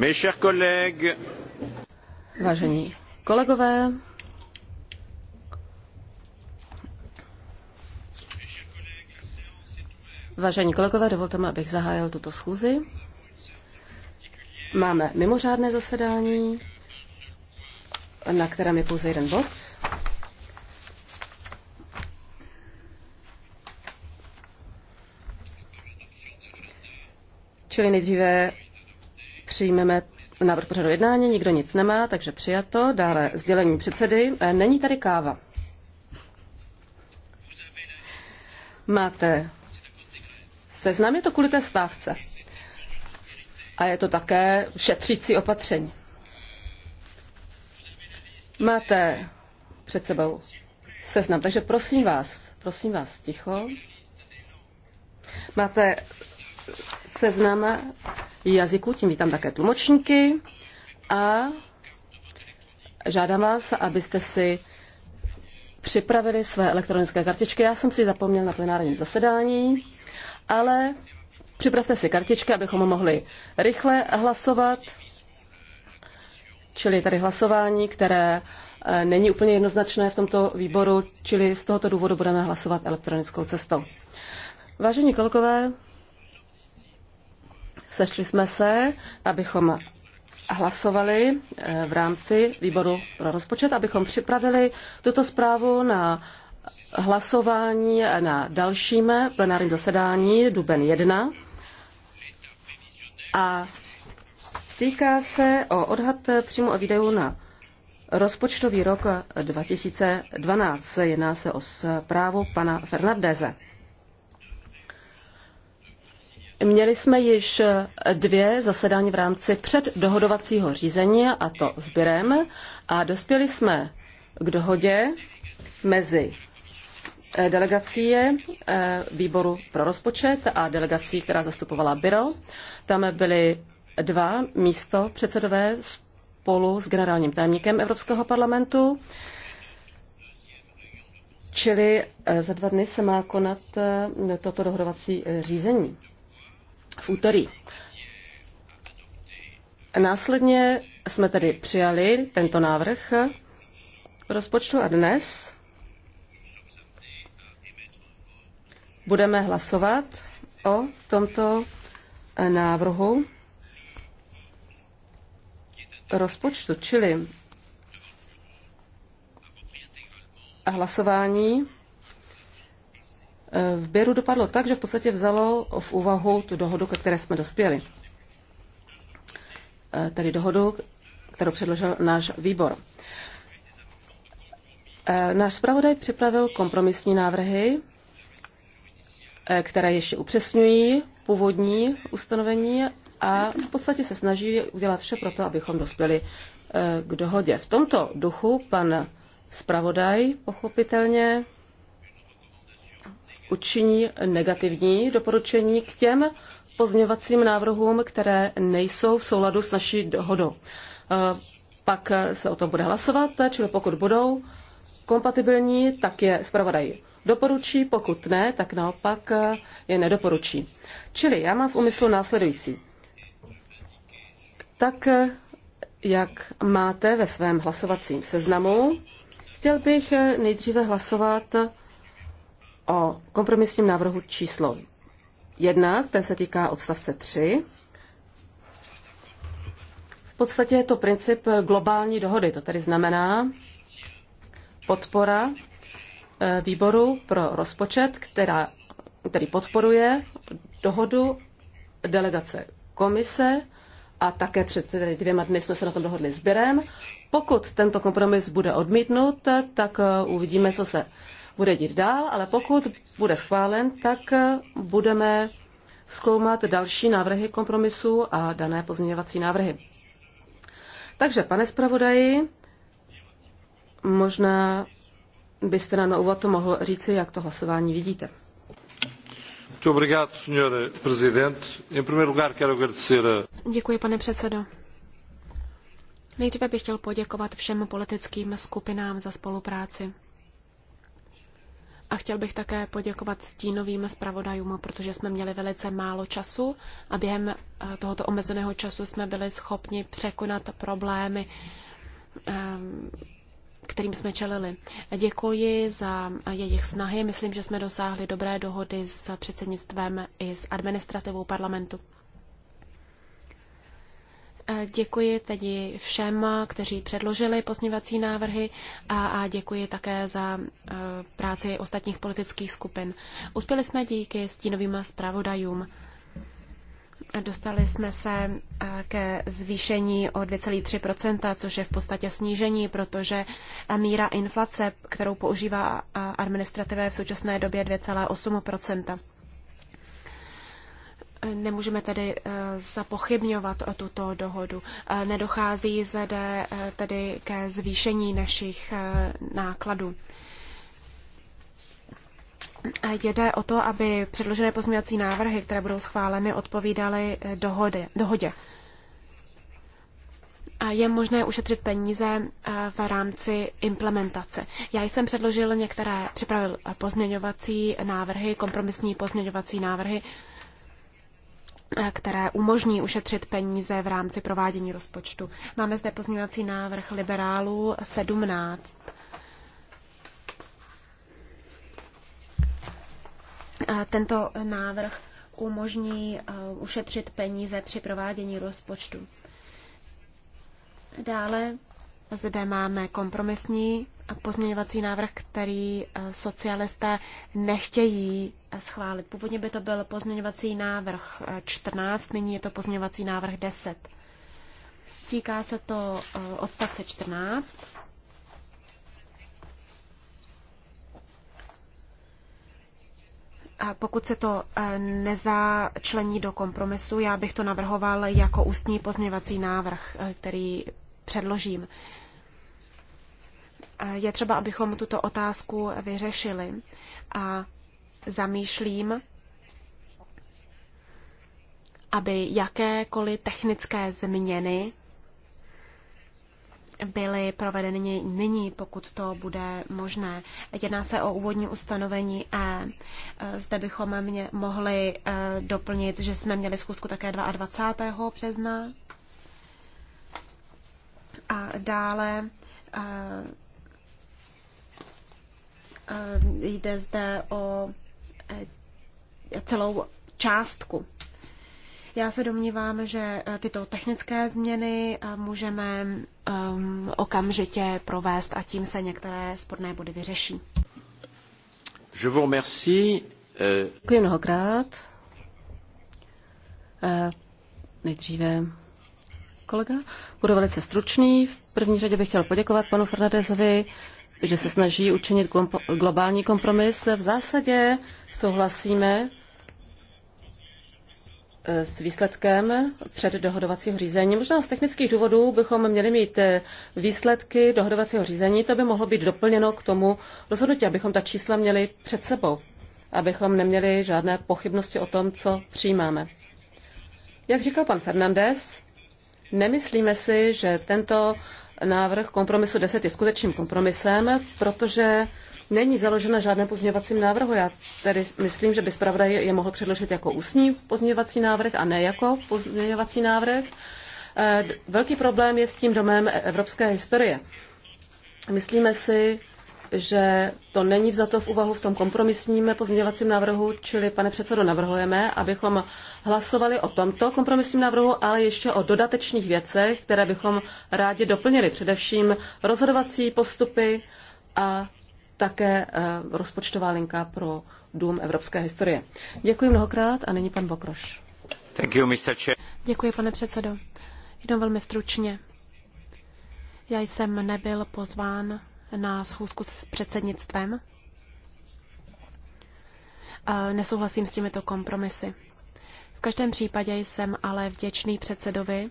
Vážení kolegové, Vážení kolegové, dovolte mi, abych zahájil tuto schůzi. Máme mimořádné zasedání, na kterém je pouze jeden bod. Čili nejdříve přijmeme návrh pořadu jednání, nikdo nic nemá, takže přijato. Dále sdělení předsedy. E, není tady káva. Máte seznam, je to kvůli té stávce. A je to také šetřící opatření. Máte před sebou seznam, takže prosím vás, prosím vás, ticho. Máte seznam jazyků, tím vítám také tlumočníky a žádám vás, abyste si připravili své elektronické kartičky. Já jsem si zapomněl na plenární zasedání, ale připravte si kartičky, abychom mohli rychle hlasovat. Čili tady hlasování, které eh, není úplně jednoznačné v tomto výboru, čili z tohoto důvodu budeme hlasovat elektronickou cestou. Vážení kolegové, Sešli jsme se, abychom hlasovali eh, v rámci výboru pro rozpočet, abychom připravili tuto zprávu na hlasování eh, na dalším eh, plenárním zasedání Duben 1 a týká se o odhad přímo o videu na rozpočtový rok 2012. Jedná se o zprávu pana Fernandeze. Měli jsme již eh, dvě zasedání v rámci předdohodovacího řízení, a to s Birem, a dospěli jsme k dohodě mezi eh, delegací eh, výboru pro rozpočet a delegací, která zastupovala Biro. Tam byly dva místo předsedové spolu s generálním tajemníkem Evropského parlamentu. Čili za dva dny se má konat toto dohodovací řízení v úterý. Následně jsme tedy přijali tento návrh rozpočtu a dnes budeme hlasovat o tomto návrhu rozpočtu, čili hlasování v Běru dopadlo tak, že v podstatě vzalo v úvahu tu dohodu, ke které jsme dospěli. Eh, tedy dohodu, kterou předložil náš výbor. Eh, náš zpravodaj připravil kompromisní návrhy, eh, které ještě upřesňují původní ustanovení a v podstatě se snaží udělat vše pro to, abychom dospěli k dohodě. V tomto duchu pan zpravodaj pochopitelně učiní negativní doporučení k těm pozměňovacím návrhům, které nejsou v souladu s naší dohodou. Eh, pak se o tom bude hlasovat, čili pokud budou kompatibilní, tak je zpravodaj doporučí, pokud ne, tak naopak eh, je nedoporučí. Čili já mám v úmyslu následující. Tak, eh, jak máte ve svém hlasovacím seznamu, chtěl bych nejdříve hlasovat o kompromisním návrhu číslo 1, ten se týká odstavce 3. V podstatě je to princip globální dohody, to tedy znamená podpora eh, výboru pro rozpočet, která, který podporuje dohodu delegace komise a také před dvěma dny jsme se na tom dohodli s Birem. Pokud tento kompromis bude odmítnut, tak eh, uvidíme, co se bude dít dál, ale pokud bude schválen, tak eh, budeme zkoumat další návrhy kompromisu a dané pozměňovací návrhy. Takže, pane zpravodaji, možná byste nám na úvod mohl říci, jak to hlasování vidíte. Děkuji, pane předsedo. Nejdříve bych chtěl poděkovat všem politickým skupinám za spolupráci. A chtěl bych také poděkovat stínovým zpravodajům, protože jsme měli velice málo času a během eh, tohoto omezeného času jsme byli schopni překonat problémy, eh, kterým jsme čelili. Děkuji za jejich snahy. Myslím, že jsme dosáhli dobré dohody s předsednictvem i s administrativou parlamentu. Děkuji tedy všem, kteří předložili pozměňovací návrhy a, a děkuji také za e, práci ostatních politických skupin. Uspěli jsme díky stínovým zpravodajům. Dostali jsme se e, ke zvýšení o 2,3%, což je v podstatě snížení, protože míra inflace, kterou používá administrativa, je v současné době 2,8%. Nemůžeme tedy eh, zapochybňovat tuto dohodu. Eh, nedochází zde eh, tedy ke zvýšení našich nákladů. Jde o to, aby předložené pozměňovací návrhy, které budou schváleny, odpovídaly dohody, dohodě. A je možné ušetřit peníze v rámci implementace. Já jsem předložil některé, připravil pozměňovací návrhy, kompromisní pozměňovací návrhy, Eh, které umožní ušetřit peníze v rámci provádění rozpočtu. Máme zde pozměňovací návrh liberálů 17. Eh, tento návrh umožní eh, ušetřit peníze při provádění rozpočtu. Dále zde máme kompromisní pozměňovací návrh, který socialisté nechtějí schválit. Původně by to byl pozměňovací návrh 14, eh, nyní je to pozměňovací návrh 10. Týká se to eh, odstavce 14. A pokud se to eh, nezačlení do kompromisu, já bych to navrhoval jako ústní pozměňovací návrh, který předložím. Je třeba, abychom tuto otázku vyřešili a zamýšlím, aby jakékoliv technické změny byly provedeny nyní, pokud to bude možné. Jedná se o úvodní ustanovení E. Zde bychom mě mohli e, doplnit, že jsme měli zkusku také 22. března. A dále e, e, jde zde o Eh, celou částku. Já se domnívám, že eh, tyto technické změny eh, můžeme um, okamžitě provést a tím se některé sporné body vyřeší. Je vous remercie. Děkuji mnohokrát. Nejdříve kolega. Budu velice stručný. V první řadě bych chtěl poděkovat panu Fernandezovi že se snaží učinit globální kompromis. V zásadě souhlasíme eh, s výsledkem před dohodovacího řízení. Možná z technických důvodů bychom měli mít eh, výsledky dohodovacího řízení. To by mohlo být doplněno k tomu rozhodnutí, abychom ta čísla měli před sebou, abychom neměli žádné pochybnosti o tom, co přijímáme. Jak říkal pan Fernandez, nemyslíme si, že tento návrh kompromisu 10 je skutečným kompromisem, protože není založen na žádném pozměňovacím návrhu. Já tedy myslím, že by zpravodaj je mohl předložit jako ústní pozměňovací návrh a ne jako pozměňovací návrh. Eh, velký problém je s tím domem evropské historie. Myslíme si, že to není vzato v úvahu v tom kompromisním pozměňovacím návrhu, čili pane předsedo, navrhujeme, abychom hlasovali o tomto kompromisním návrhu, ale ještě o dodatečných věcech, které bychom rádi doplnili, především rozhodovací postupy a také eh, rozpočtová linka pro Dům evropské historie. Děkuji mnohokrát a nyní pan Bokroš. Thank you, Mr. Děkuji, pane předsedo. Jenom velmi stručně. Já jsem nebyl pozván na schůzku s předsednictvem. Nesouhlasím s těmito kompromisy. V každém případě jsem ale vděčný předsedovi,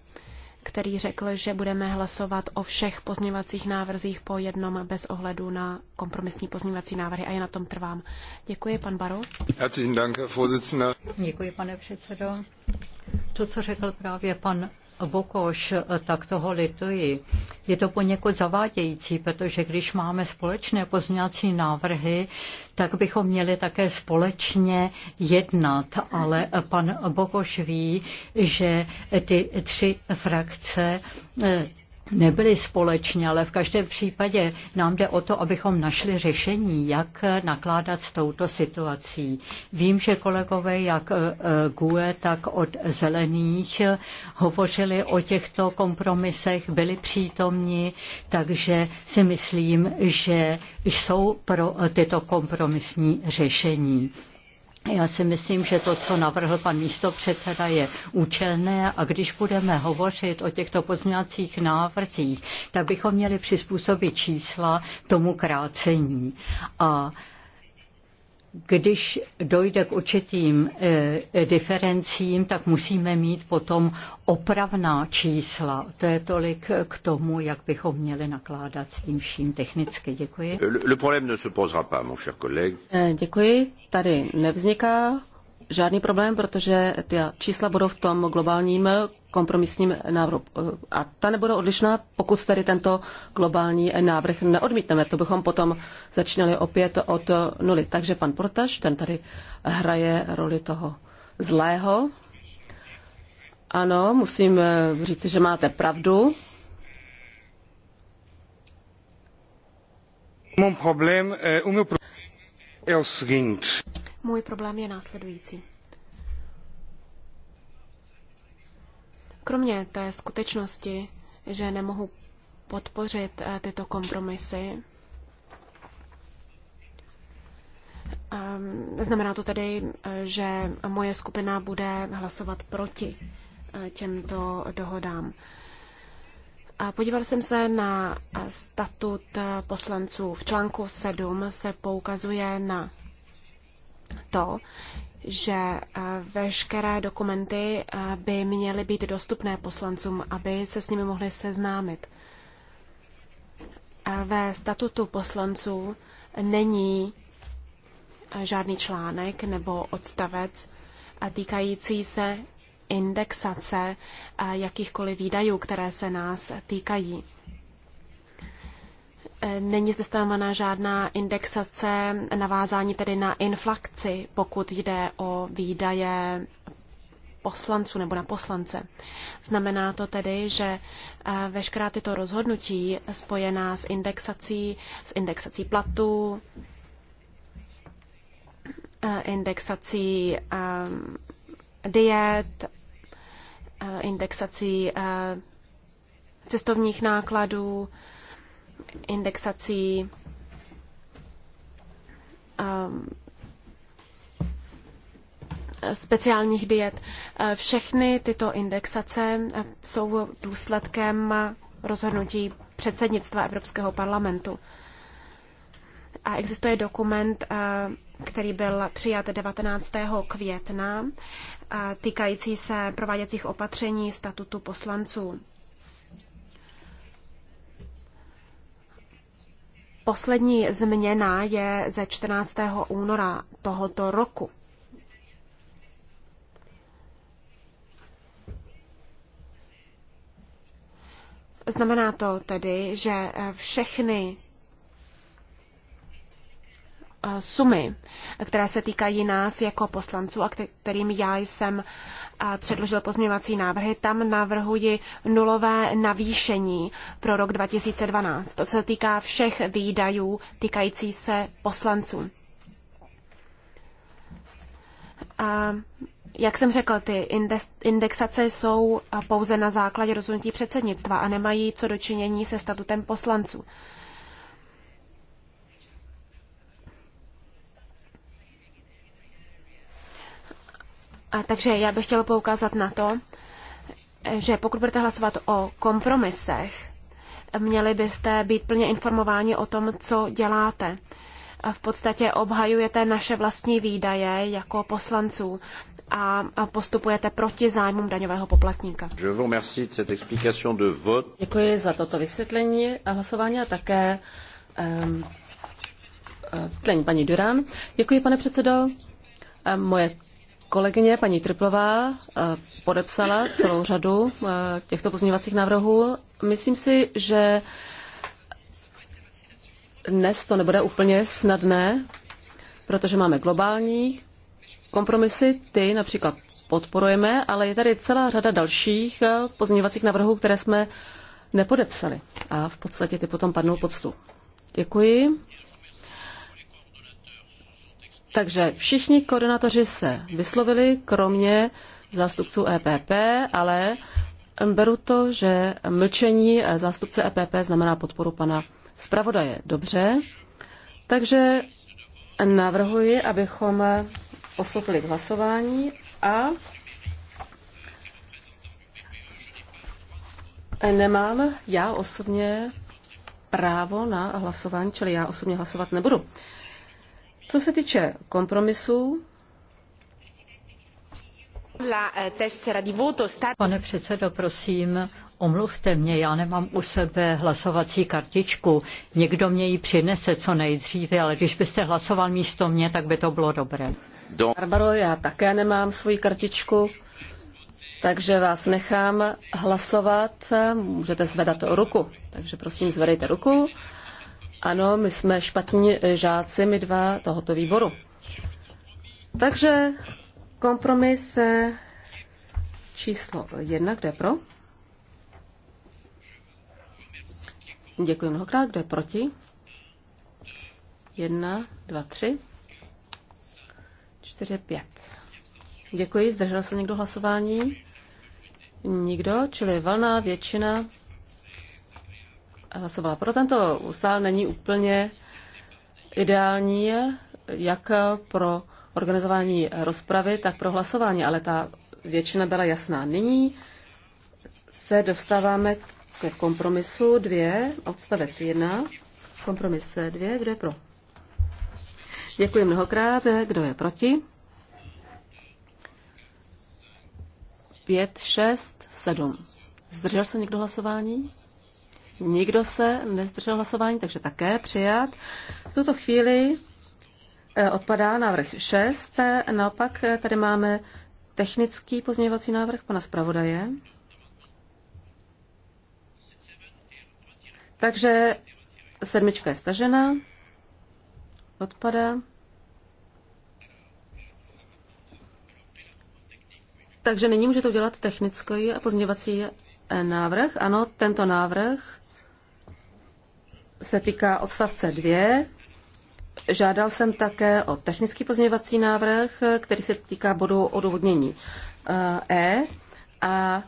který řekl, že budeme hlasovat o všech pozměňovacích návrzích po jednom bez ohledu na kompromisní pozměňovací návrhy a já na tom trvám. Děkuji, pan Baro. Děkuji, pane předsedo. To, co řekl právě pan Bokoš, tak toho lituji. Je to poněkud zavádějící, protože když máme společné pozměňovací návrhy, tak bychom měli také společně jednat. Ale pan Bokoš ví, že ty tři frakce nebyli společně, ale v každém případě nám jde o to, abychom našli řešení, jak nakládat s touto situací. Vím, že kolegové jak eh, GUE, tak od Zelených eh, hovořili o těchto kompromisech, byli přítomni, takže si myslím, že jsou pro eh, tyto kompromisní řešení. Já si myslím, že to, co navrhl pan místopředseda, je účelné a když budeme hovořit o těchto pozměňovacích návrzích, tak bychom měli přizpůsobit čísla tomu krácení. A když dojde k určitým eh, diferencím, tak musíme mít potom opravná čísla. To je tolik k tomu, jak bychom měli nakládat s tím vším technicky. Děkuji. Le le ne se posera pas, mon cher collègue. Eh, děkuji. Tady nevzniká žádný problém, protože ty čísla budou v tom globálním kompromisním návrhu. A ta nebude odlišná, pokud tady tento globální návrh neodmítneme. To bychom potom začínali opět od nuly. Takže pan Portaš, ten tady hraje roli toho zlého. Ano, musím říct, že máte pravdu. Eh, Můj problém je následující. Kromě té skutečnosti, že nemohu podpořit eh, tyto kompromisy, ehm, Znamená to tedy, eh, že moje skupina bude hlasovat proti eh, těmto dohodám. Podíval jsem se na statut poslanců. V článku 7 se poukazuje na to, že eh, veškeré dokumenty eh, by měly být dostupné poslancům, aby se s nimi mohli seznámit. Eh, ve statutu poslanců není žádný článek nebo odstavec týkající se indexace jakýchkoliv výdajů, které se nás týkají. Není zde stávána žádná indexace, navázání tedy na inflaci, pokud jde o výdaje poslanců nebo na poslance. Znamená to tedy, že eh, veškerá tyto rozhodnutí spojená s indexací, s indexací platů, eh, indexací eh, diet, indexací cestovních nákladů, indexací um, speciálních diet. Eh, všechny tyto indexace eh, jsou důsledkem rozhodnutí předsednictva Evropského parlamentu. A existuje dokument, eh, který byl přijat 19. května, týkající se prováděcích opatření statutu poslanců Poslední změna je ze 14. února tohoto roku. Znamená to tedy, že všechny Eh, sumy, které se týkají nás jako poslanců a kterým já jsem eh, předložil pozměňovací návrhy, tam navrhuji nulové navýšení pro rok 2012. To se týká všech výdajů týkající se poslanců. A jak jsem řekl, ty indexace jsou eh, pouze na základě rozhodnutí předsednictva a nemají co dočinění se statutem poslanců. A takže já bych chtěla poukázat na to, že pokud budete hlasovat o kompromisech, měli byste být plně informováni o tom, co děláte. V podstatě obhajujete naše vlastní výdaje jako poslanců a postupujete proti zájmům daňového poplatníka. Děkuji za toto vysvětlení a hlasování a také um, tlení paní Durán. Děkuji, pane předsedo. Moje Kolegyně paní Triplová eh, podepsala celou řadu eh, těchto pozměňovacích návrhů. Myslím si, že dnes to nebude úplně snadné, protože máme globální kompromisy, ty například podporujeme, ale je tady celá řada dalších eh, pozměňovacích návrhů, které jsme nepodepsali a v podstatě ty potom padnou pod stůl. Děkuji. Takže všichni koordinátoři se vyslovili, kromě zástupců EPP, ale beru to, že mlčení zástupce EPP znamená podporu pana zpravodaje. Dobře, takže navrhuji, abychom postoupili k hlasování a nemám já osobně právo na hlasování, čili já osobně hlasovat nebudu. Co se týče kompromisů, eh, Pane předsedo, prosím, omluvte mě, já nemám u sebe hlasovací kartičku. Někdo mě ji přinese co nejdříve, ale když byste hlasoval místo mě, tak by to bylo dobré. Barbaro, já také nemám svoji kartičku, takže vás nechám hlasovat. Můžete zvedat ruku. Takže prosím, zvedejte ruku. Ano, my jsme špatní eh, žáci, my dva tohoto výboru. Takže kompromis eh, číslo jedna, kde je pro? Děkuji mnohokrát, kde je proti? Jedna, dva, tři, čtyři, pět. Děkuji, zdržel se někdo hlasování? Nikdo, čili valná většina hlasovala pro tento sál, není úplně ideální jak pro organizování rozpravy, tak pro hlasování, ale ta většina byla jasná. Nyní se dostáváme k kompromisu 2, odstavec 1, kompromis 2, kdo je pro? Děkuji mnohokrát, kdo je proti? 5, 6, 7. Zdržel se někdo hlasování? Nikdo se nezdržel hlasování, takže také přijat. V tuto chvíli eh, odpadá návrh 6. Naopak eh, tady máme technický pozměňovací návrh pana zpravodaje. Takže sedmička je stažena, odpadá. Takže nyní můžete udělat technický a pozměňovací eh, návrh. Ano, tento návrh se týká odstavce 2. Žádal jsem také o technický pozměňovací návrh, který se týká bodu odůvodnění eh, E. A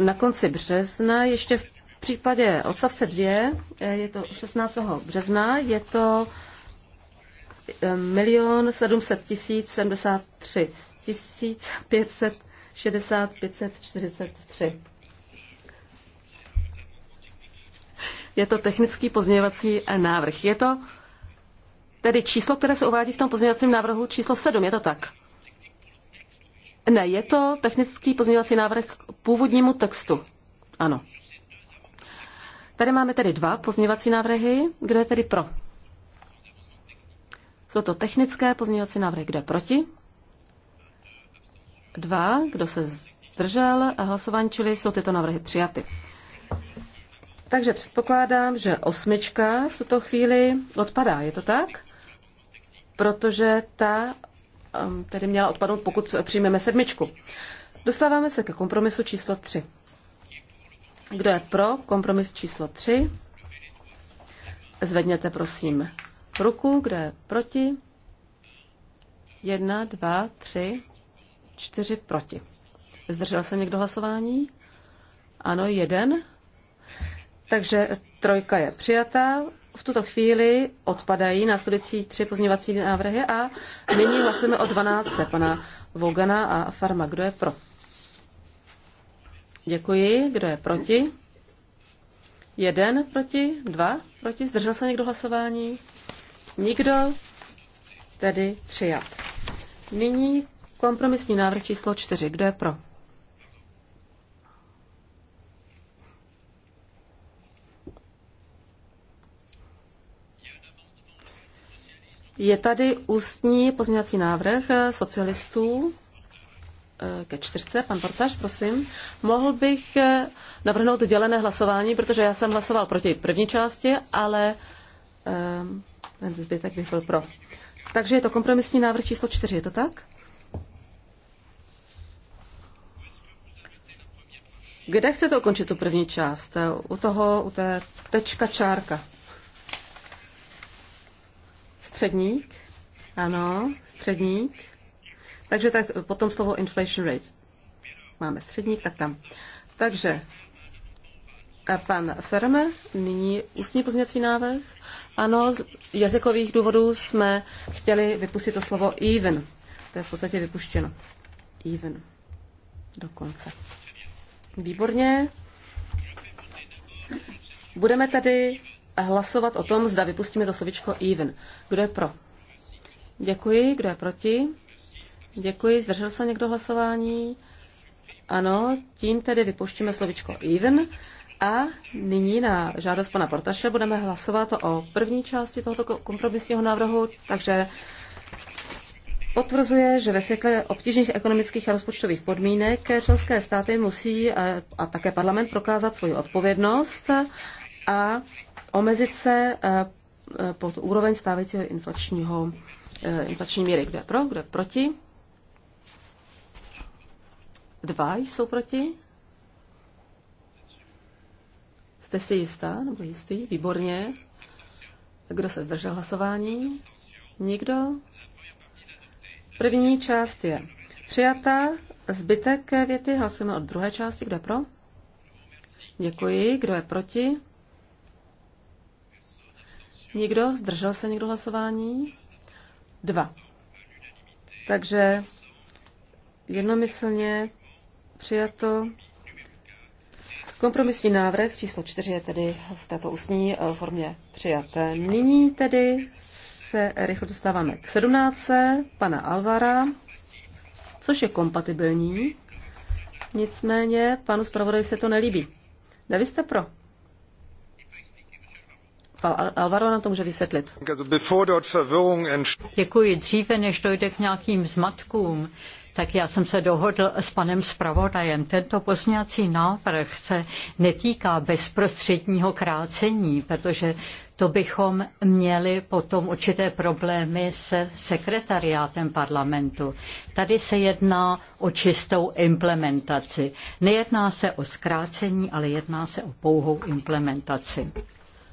na konci března, ještě v případě odstavce 2, eh, je to 16. března, je to 1 700 073 500 tisíc 543. Je to technický pozměňovací eh, návrh. Je to tedy číslo, které se uvádí v tom pozměňovacím návrhu číslo 7, je to tak? Ne, je to technický pozměňovací návrh k původnímu textu. Ano. Tady máme tedy dva pozměňovací návrhy. Kdo je tedy pro? Jsou to technické pozměňovací návrhy. Kdo je proti? Dva. Kdo se zdržel hlasování, čili jsou tyto návrhy přijaty. Takže předpokládám, že osmička v tuto chvíli odpadá, je to tak? Protože ta um, tedy měla odpadnout, pokud přijmeme sedmičku. Dostáváme se ke kompromisu číslo 3. Kdo je pro kompromis číslo 3? Zvedněte prosím ruku. Kdo je proti? Jedna, dva, tři, čtyři proti. Zdržel se někdo hlasování? Ano, jeden. Takže trojka je přijatá. V tuto chvíli odpadají následující tři pozměňovací návrhy a nyní hlasujeme o 12. pana Vogana a Farma. Kdo je pro? Děkuji. Kdo je proti? Jeden proti, dva proti. Zdržel se někdo hlasování? Nikdo. Tedy přijat. Nyní kompromisní návrh číslo čtyři. Kdo je pro? Je tady ústní pozměňovací návrh eh, socialistů eh, ke čtyřce. Pan Portaž, prosím. Mohl bych eh, navrhnout dělené hlasování, protože já jsem hlasoval proti první části, ale ten zbytek bych byl pro. Takže je to kompromisní návrh číslo čtyři, je to tak? Kde chcete ukončit tu první část? U toho, u té tečka čárka. Středník. Ano, středník. Takže tak potom slovo inflation rates. Máme středník, tak tam. Takže a eh, pan Ferme, nyní ústní pozměcí návrh. Ano, z jazykových důvodů jsme chtěli vypustit to slovo even. To je v podstatě vypuštěno. Even. Dokonce. Výborně. Budeme tady hlasovat o tom, zda vypustíme to slovičko even. Kdo je pro? Děkuji. Kdo je proti? Děkuji. Zdržel se někdo hlasování? Ano, tím tedy vypuštíme slovičko even. A nyní na žádost pana Portaše budeme hlasovat o první části tohoto kompromisního návrhu, takže potvrzuje, že ve světle obtížných ekonomických a rozpočtových podmínek členské státy musí eh, a také parlament prokázat svoji odpovědnost a omezit se eh, eh, pod úroveň stávajícího inflačního, eh, inflační míry. Kde pro, kde proti? Dva jsou proti? Jste si jistá nebo jistý? Výborně. Kdo se zdržel hlasování? Nikdo? První část je přijata. Zbytek věty hlasujeme od druhé části. Kdo je pro? Děkuji. Kdo je proti? Nikdo? Zdržel se někdo hlasování? Dva. Takže jednomyslně přijato. Kompromisní návrh číslo čtyři je tedy v této ústní eh, formě přijat. Nyní tedy se rychle dostáváme k sedmnáctce pana Alvara, což je kompatibilní. Nicméně panu zpravodaj se to nelíbí. Ne, jste pro. Alvaro nám to může vysvětlit. Děkuji. Dříve, než dojde k nějakým zmatkům, tak já jsem se dohodl s panem zpravodajem. Tento pozměňovací návrh se netýká bezprostředního krácení, protože to bychom měli potom určité problémy se sekretariátem parlamentu. Tady se jedná o čistou implementaci. Nejedná se o zkrácení, ale jedná se o pouhou implementaci.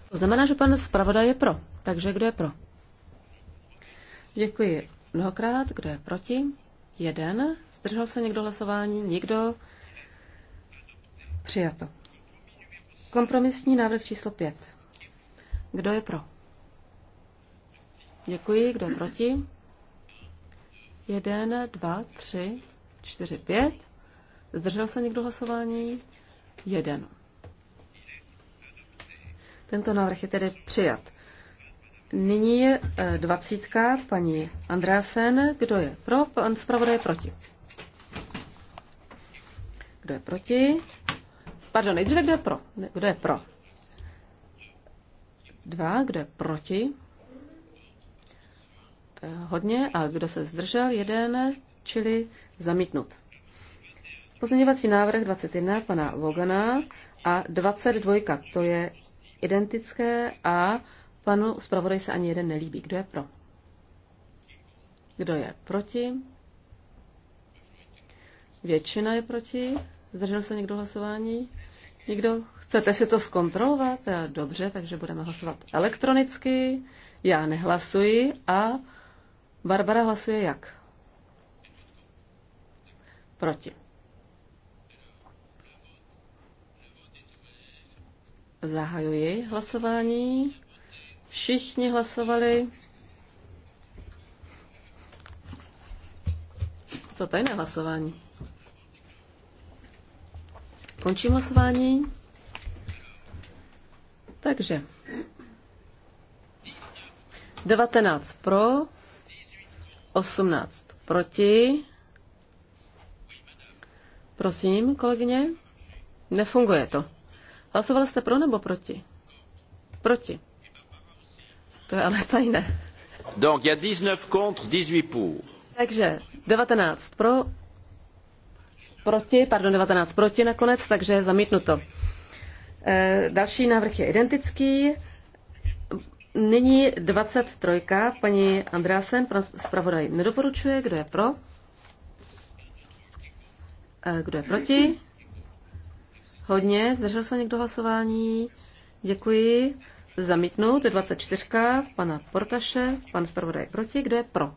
To znamená, že pan zpravodaj je pro. Takže kdo je pro? Děkuji mnohokrát. Kdo je proti? Jeden. Zdržel se někdo hlasování? Nikdo. Přijato. Kompromisní návrh číslo 5. Kdo je pro? Děkuji. Kdo je proti? Jeden, dva, tři, čtyři, pět. Zdržel se někdo hlasování? Jeden. Tento návrh je tedy přijat. Nyní je e, dvacítka paní Andrásen. Kdo je pro? Pan zpravodaj je proti. Kdo je proti? Pardon, nejdříve kdo je pro? Kdo je pro? Dva, kdo je proti? To je hodně. A kdo se zdržel? Jeden, čili zamítnut. Pozměňovací návrh 21 pana Vogana a 22, to je identické a panu zpravodaj se ani jeden nelíbí. Kdo je pro? Kdo je proti? Většina je proti. Zdržel se někdo hlasování? Někdo? Chcete si to zkontrolovat? Eh, dobře, takže budeme hlasovat elektronicky. Já nehlasuji a Barbara hlasuje jak? Proti. Zahajuji hlasování. Všichni hlasovali. To tajné hlasování. Končím hlasování. Takže 19 pro, 18 proti. Prosím, kolegyně, nefunguje to. Hlasoval jste pro nebo proti? Proti. To je ale tajné. Donc, il y a 19 contre, 18 pour. Takže 19 pro, proti, pardon, 19 proti nakonec, takže je zamítnuto. E, další návrh je identický. Nyní 23. Paní Andrásen, zpravodaj nedoporučuje. Kdo je pro? E, kdo je proti? hodně. Zdržel se někdo hlasování? Děkuji. Zamítnout je 24. Pana Portaše, pan zpravodaj proti. Kdo je pro?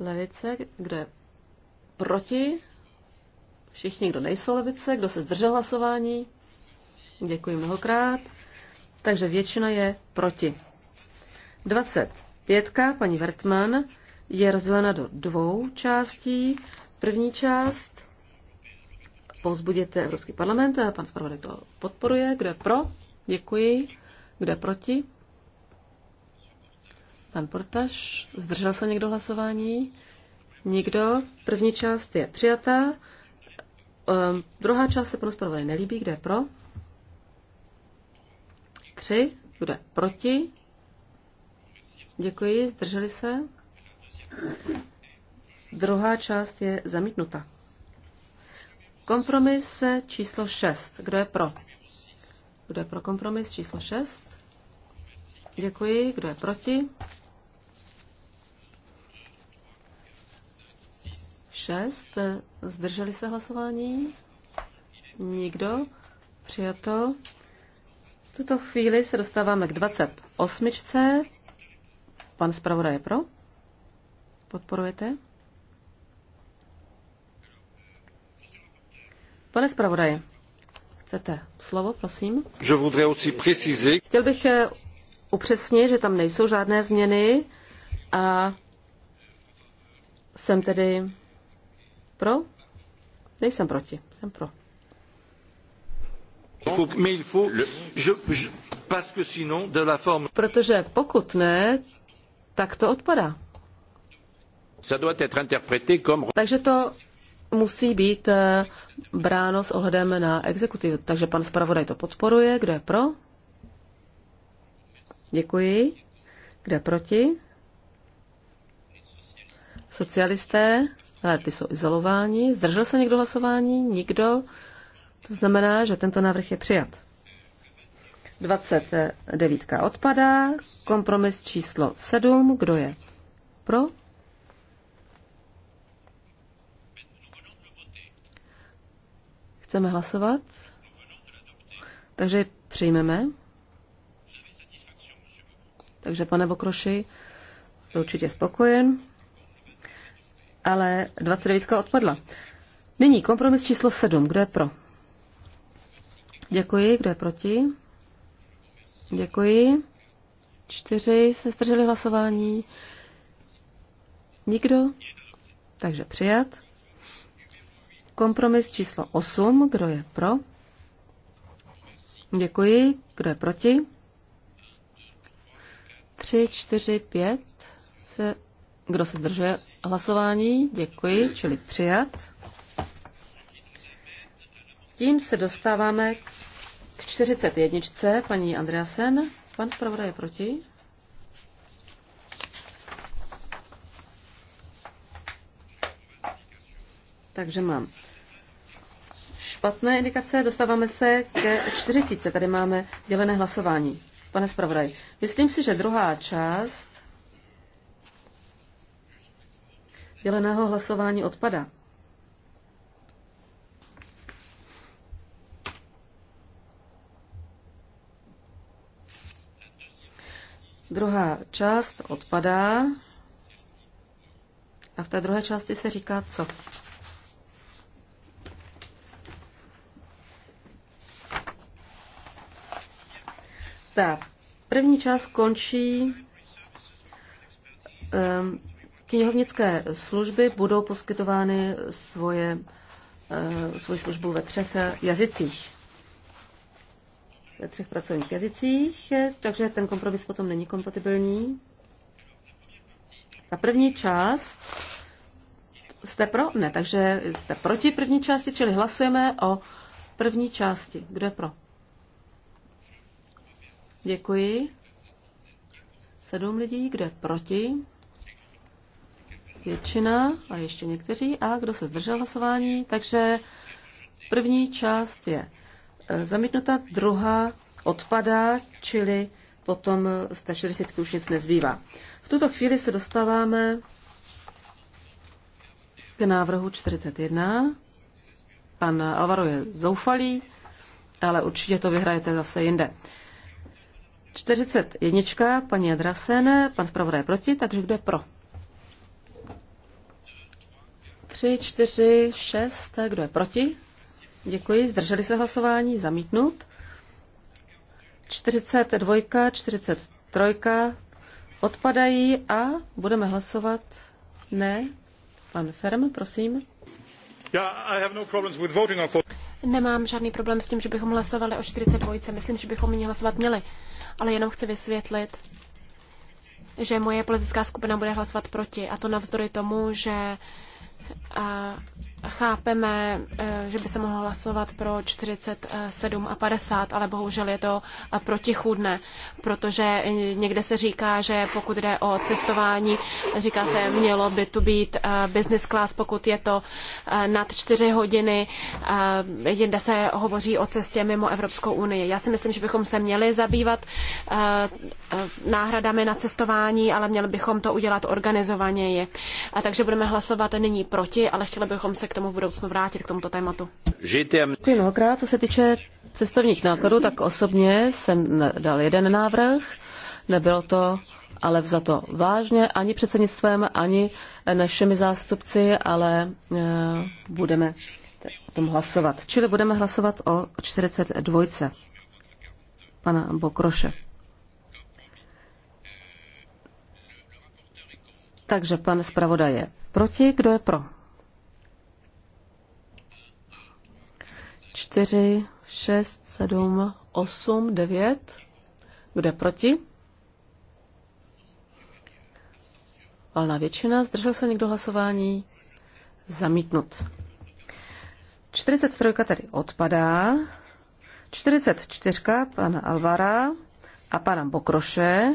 Levice, kdo je proti? Všichni, kdo nejsou levice, kdo se zdržel hlasování? Děkuji mnohokrát. Takže většina je proti. 25. Paní Vertman je rozdělena do dvou částí. První část povzbudit Evropský parlament. Pan zpravodaj to podporuje. Kdo je pro? Děkuji. Kdo je proti? Pan Portaš. Zdržel se někdo hlasování? Nikdo. První část je přijatá. Um, ehm, druhá část se panu zpravodaj nelíbí. Kdo je pro? Tři. Kdo je proti? Děkuji. Zdrželi se? Druhá část je zamítnuta. Kompromis číslo 6. Kdo je pro? Kdo je pro kompromis číslo 6? Děkuji. Kdo je proti? 6. Zdrželi se hlasování? Nikdo. Přijato. V tuto chvíli se dostáváme k 28. Pan zpravodaj je pro? Podporujete? Pane zpravodaji, chcete slovo, prosím? Je voudrais aussi préciser... Chtěl bych eh, upřesnit, že tam nejsou žádné změny a jsem tedy pro? Nejsem proti, jsem pro. Protože pokud ne, tak to odpadá. Takže to musí být eh, bráno s ohledem na exekutivu. Takže pan zpravodaj to podporuje. Kdo je pro? Děkuji. Kdo je proti? Socialisté, ale ty jsou izolováni. Zdržel se někdo hlasování? Nikdo. To znamená, že tento návrh je přijat. 29 odpadá. Kompromis číslo 7. Kdo je pro? Chceme hlasovat? Takže přijmeme. Takže pane Bokroši, jste určitě spokojen. Ale 29 odpadla. Nyní kompromis číslo 7. Kdo je pro? Děkuji. Kdo je proti? Děkuji. Čtyři se zdrželi hlasování. Nikdo? Takže přijat. Kompromis číslo 8. Kdo je pro? Děkuji. Kdo je proti? 3, 4, 5. Se, kdo se drží hlasování? Děkuji, čili přijat. Tím se dostáváme k 41. Paní Andreasen. Pan zpravodaj je proti. Takže mám špatné indikace, dostáváme se ke 40. Tady máme dělené hlasování. Pane zpravodaj, myslím si, že druhá část děleného hlasování odpada. Druhá část odpadá. A v té druhé části se říká co? ta první část končí ehm, knihovnické služby budou poskytovány svoje, ehm, svoji službu ve třech jazycích. Ve třech pracovních jazycích, takže ten kompromis potom není kompatibilní. Ta první část jste pro? Ne, takže jste proti první části, čili hlasujeme o první části. Kdo je pro? Děkuji. Sedm lidí, kde proti? Většina a ještě někteří. A kdo se zdržel hlasování? Takže první část je e, zamítnuta, druhá odpadá, čili potom z té 40 už nic nezbývá. V tuto chvíli se dostáváme k návrhu 41. Pan Alvaro je zoufalý, ale určitě to vyhrajete zase jinde. 41, paní Adrasen, pan zpravodaj proti, takže kdo je pro? 3, 4, 6, kdo je proti? Děkuji, zdrželi se hlasování, zamítnut. 42, 43 odpadají a budeme hlasovat ne. Pan Ferm, prosím. Yeah, I have no problems with voting on... Nemám žádný problém s tím, že bychom hlasovali o 42. Myslím, že bychom o ní hlasovat měli ale jenom chci vysvětlit, že moje politická skupina bude hlasovat proti. A to navzdory tomu, že chápeme, eh, že by se mohlo hlasovat pro 47 a 50, ale bohužel je to eh, protichůdné, protože někde se říká, že pokud jde o cestování, říká se, mělo by tu být eh, business class, pokud je to nad 4 hodiny, jinde se hovoří o cestě mimo Evropskou unii. Já si myslím, že bychom se měli zabývat náhradami na cestování, ale měli bychom to udělat organizovaněji. A takže budeme hlasovat nyní proti, ale chtěli bychom se k tomu v budoucnu vrátit, k tomuto tématu. Děkuji mnohokrát. Co se týče cestovních nákladů, tak osobně jsem dal jeden návrh. Nebylo to ale za to vážně ani předsednictvem, ani našimi zástupci, ale e, budeme o tom hlasovat. Čili budeme hlasovat o 42. pana Bokroše. Takže pan zpravodaje, je proti, kdo je pro? 4, 6, 7, 8, 9. Kdo je proti? Valná většina. Zdržel se někdo hlasování? Zamítnut. 43 tady odpadá. 44 pana Alvara a pana Bokroše.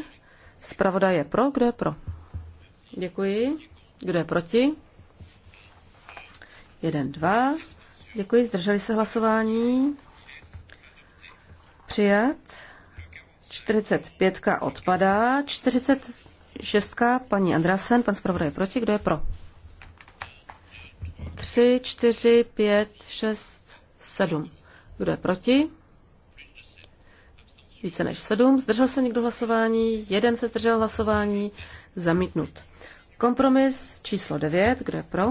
Zpravoda je pro, kdo je pro? Děkuji. Kdo je proti? 1, 2. Děkuji, zdrželi se hlasování. Přijat. 45 odpadá. 46 paní Andrasen, pan zpravodaj je proti, kdo je pro? 3, 4, 5, 6, 7. Kdo je proti? Více než 7. Zdržel se někdo hlasování? Jeden se zdržel hlasování. Zamítnut. Kompromis číslo 9. Kdo je pro?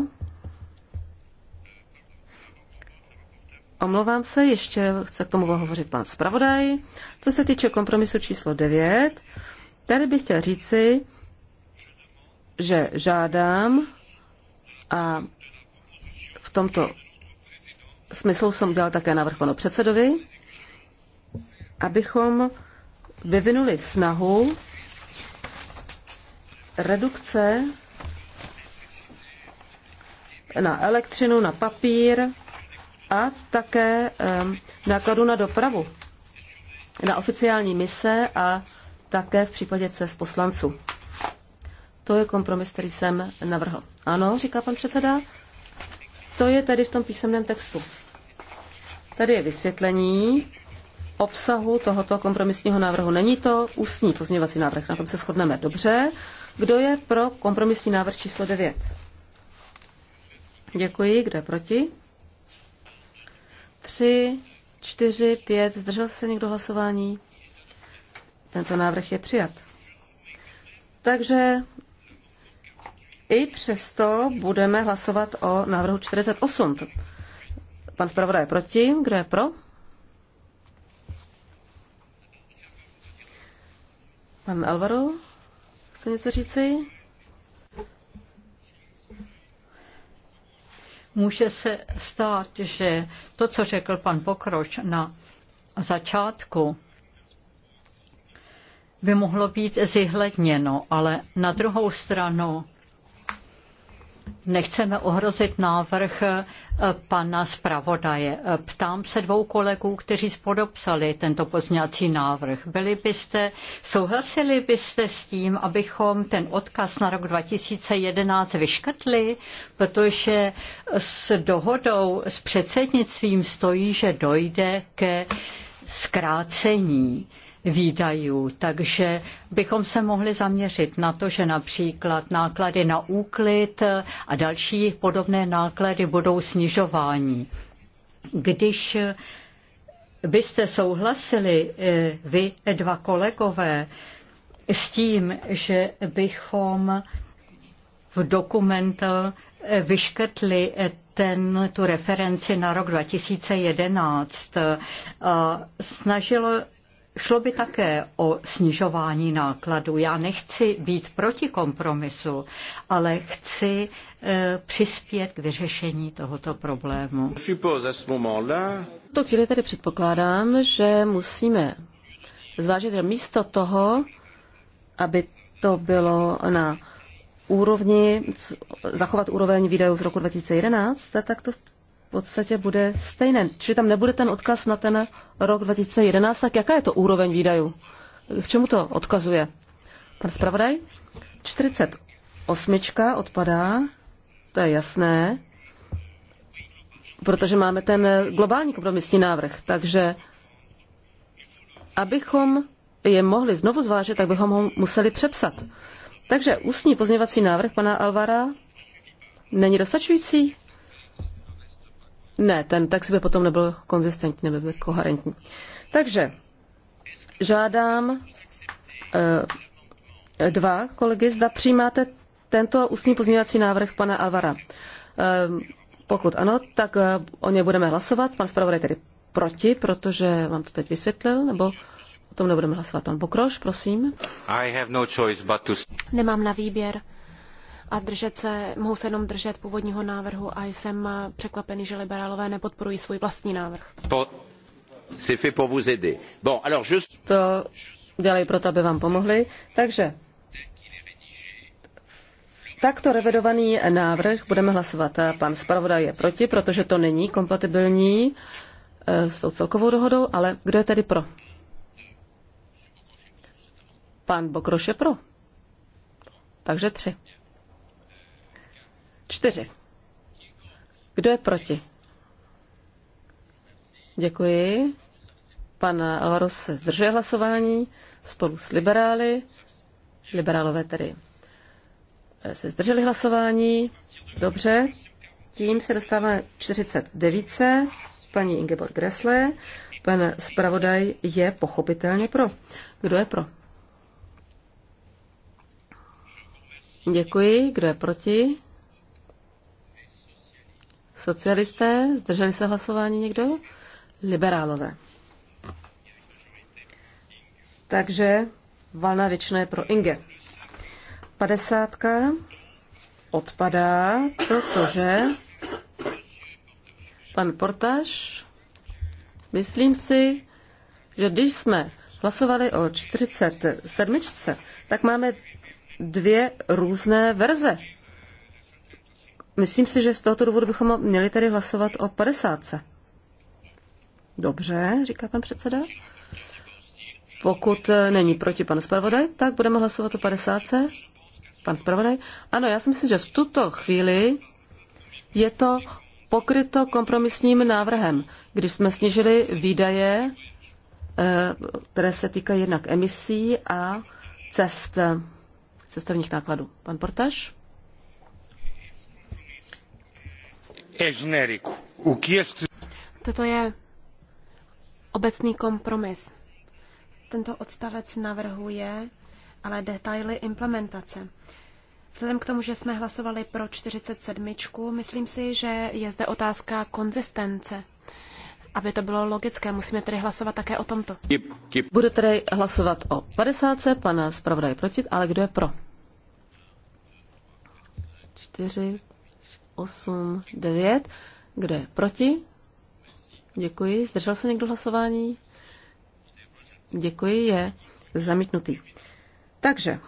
Omlouvám se, ještě chce k tomu hovořit pan zpravodaj. Co se týče kompromisu číslo 9, tady bych chtěl říci, že žádám a v tomto smyslu jsem dělal také návrh panu předsedovi, abychom vyvinuli snahu redukce na elektřinu, na papír, a také nákladu na dopravu, na oficiální mise a také v případě cest poslanců. To je kompromis, který jsem navrhl. Ano, říká pan předseda, to je tady v tom písemném textu. Tady je vysvětlení obsahu tohoto kompromisního návrhu. Není to ústní pozměňovací návrh, na tom se shodneme dobře. Kdo je pro kompromisní návrh číslo 9? Děkuji. Kdo je proti? Tři, čtyři, pět. Zdržel se někdo hlasování? Tento návrh je přijat. Takže i přesto budeme hlasovat o návrhu 48. Pan zpravodaj je proti. Kdo je pro? Pan Alvaro chce něco říci? Může se stát, že to, co řekl pan Pokroč na začátku, by mohlo být zihledněno, ale na druhou stranu Nechceme ohrozit návrh eh, pana zpravodaje. Eh, Ptám se dvou kolegů, kteří spodopsali tento pozňací návrh. Byli byste, souhlasili byste s tím, abychom ten odkaz na rok 2011 vyškrtli, protože s dohodou s předsednictvím stojí, že dojde ke zkrácení výdajů. Takže bychom se mohli zaměřit na to, že například náklady na úklid a další podobné náklady budou snižování. Když byste souhlasili eh, vy dva kolegové s tím, že bychom v dokumentu eh, vyškrtli eh, ten, tu referenci na rok 2011. Snažilo Šlo by také o snižování nákladů. Já nechci být proti kompromisu, ale chci e, přispět k vyřešení tohoto problému. V tuto chvíli tedy předpokládám, že musíme zvážit, že místo toho, aby to bylo na úrovni, zachovat úroveň výdajů z roku 2011, tak to podstatě bude stejné. Čili tam nebude ten odkaz na ten rok 2011, tak jaká je to úroveň výdajů? K čemu to odkazuje? Pan zpravodaj? 48 odpadá, to je jasné, protože máme ten globální kompromisní návrh, takže abychom je mohli znovu zvážit, tak bychom ho museli přepsat. Takže ústní pozměňovací návrh pana Alvara není dostačující? Ne, ten text by potom nebyl konzistentní, nebyl by koherentní. Takže žádám eh, dva kolegy, zda přijímáte tento ústní pozměňovací návrh pana Alvara. Eh, pokud ano, tak eh, o ně budeme hlasovat. Pan zpravodaj tedy proti, protože vám to teď vysvětlil, nebo o tom nebudeme hlasovat. Pan Bokroš, prosím. I have no choice but to... Nemám na výběr, a držet se, mohou se jenom držet původního návrhu a jsem překvapený, že liberálové nepodporují svůj vlastní návrh. To c'est fait pour vous aider. Bon, alors To dělají proto, aby vám pomohli. Takže Takto revidovaný návrh budeme hlasovat. Pan zpravodaj je proti, protože to není kompatibilní eh, s tou celkovou dohodou, ale kdo je tedy pro? Pan Bokroš je pro. Takže tři. Čtyři. Kdo je proti? Děkuji. Pan Alvaros se zdržuje hlasování spolu s liberály. Liberálové tedy eh, se zdrželi hlasování. Dobře. Tím se dostáváme 49. Paní Ingeborg Gressle. Pan zpravodaj je pochopitelně pro. Kdo je pro? Děkuji. Kdo je proti? Socialisté, zdrželi se hlasování někdo? Liberálové. Takže valná většina je pro Inge. Padesátka odpadá, protože pan Portaš myslím si, že když jsme hlasovali o 47, tak máme dvě různé verze Myslím si, že z tohoto důvodu bychom měli tedy hlasovat o 50. Dobře, říká pan předseda. Pokud není proti pan zpravodaj, tak budeme hlasovat o 50. Pan zpravodaj? Ano, já si myslím, že v tuto chvíli je to pokryto kompromisním návrhem, když jsme snížili výdaje, eh, které se týkají jednak emisí a cest, cestovních nákladů. Pan Portaš? Toto je obecný kompromis. Tento odstavec navrhuje ale detaily implementace. Vzhledem k tomu, že jsme hlasovali pro 47, myslím si, že je zde otázka konzistence. Aby to bylo logické, musíme tedy hlasovat také o tomto. Budu tedy hlasovat o 50, pana zpravodaje proti, ale kdo je pro? 4, 8, 9. Kdo je proti? Děkuji. Zdržel se někdo hlasování? Děkuji, je zamítnutý. Takže.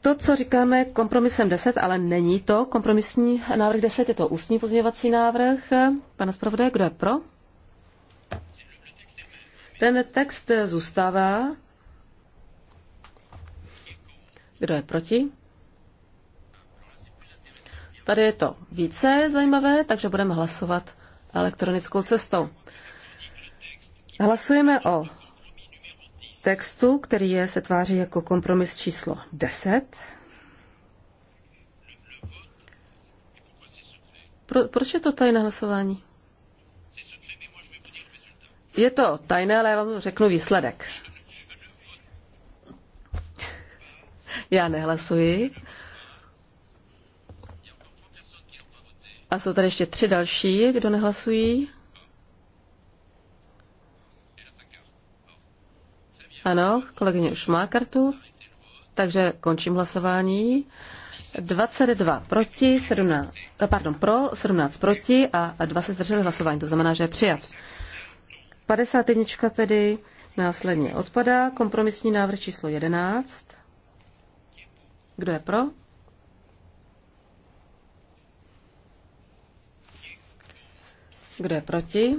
To, co říkáme kompromisem 10, ale není to kompromisní návrh 10, je to ústní pozměňovací návrh. Pana zpravodaje, kdo je pro? Ten text zůstává kdo je proti? Tady je to více zajímavé, takže budeme hlasovat elektronickou cestou. Hlasujeme o textu, který je, se tváří jako kompromis číslo 10. Pro, proč je to tajné hlasování? Je to tajné, ale já vám řeknu výsledek. Já nehlasuji. A jsou tady ještě tři další, kdo nehlasují. Ano, kolegyně už má kartu, takže končím hlasování. 22 proti, 17, eh, pardon, pro, 17 proti a, a 2 se zdrželi hlasování, to znamená, že je přijat. 51 tedy následně odpadá, kompromisní návrh číslo 11. Kdo je pro? Kdo je proti?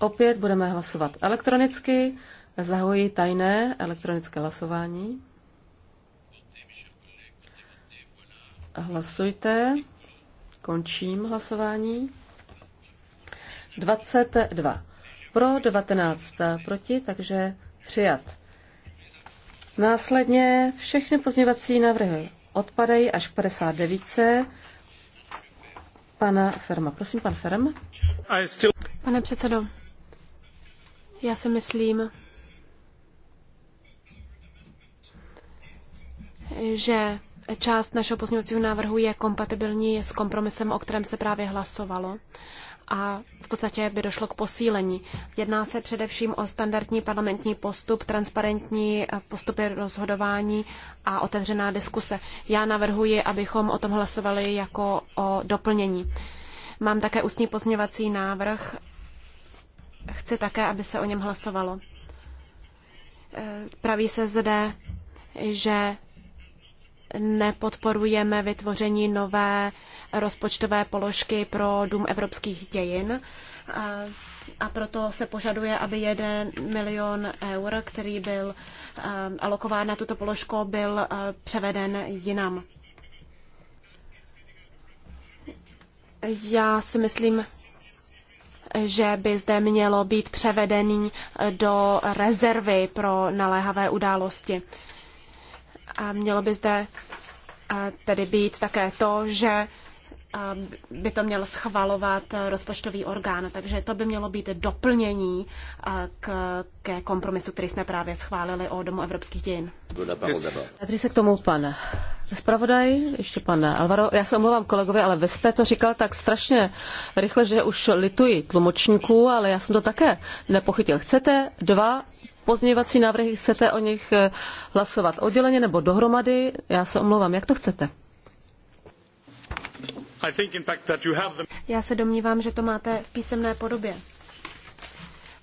Opět budeme hlasovat elektronicky. Zahoji tajné elektronické hlasování. Hlasujte. Končím hlasování. 22. Pro 19. Proti, takže přijat. Následně všechny pozněvací návrhy odpadají až k 59. Pana Ferma. Prosím, pan Ferm. Pane předsedo, já si myslím, že část našeho pozměňovacího návrhu je kompatibilní s kompromisem, o kterém se právě hlasovalo a v podstatě by došlo k posílení. Jedná se především o standardní parlamentní postup, transparentní eh, postupy rozhodování a otevřená diskuse. Já navrhuji, abychom o tom hlasovali jako o doplnění. Mám také ústní pozměvací návrh. Chci také, aby se o něm hlasovalo. Eh, praví se zde, že nepodporujeme vytvoření nové rozpočtové položky pro Dům evropských dějin. A proto se požaduje, aby jeden milion eur, který byl alokován na tuto položku, byl převeden jinam. Já si myslím, že by zde mělo být převedený do rezervy pro naléhavé události. A mělo by zde tedy být také to, že by to měl schvalovat rozpočtový orgán, takže to by mělo být doplnění k, ke kompromisu, který jsme právě schválili o Domu evropských dějin. Tady se k tomu pan zpravodaj, ještě pan Alvaro. Já se omlouvám kolegovi, ale vy jste to říkal tak strašně rychle, že už lituji tlumočníků, ale já jsem to také nepochytil. Chcete dva pozměňovací návrhy, chcete o nich hlasovat odděleně nebo dohromady? Já se omlouvám, jak to chcete? Já se domnívám, že to máte v písemné podobě.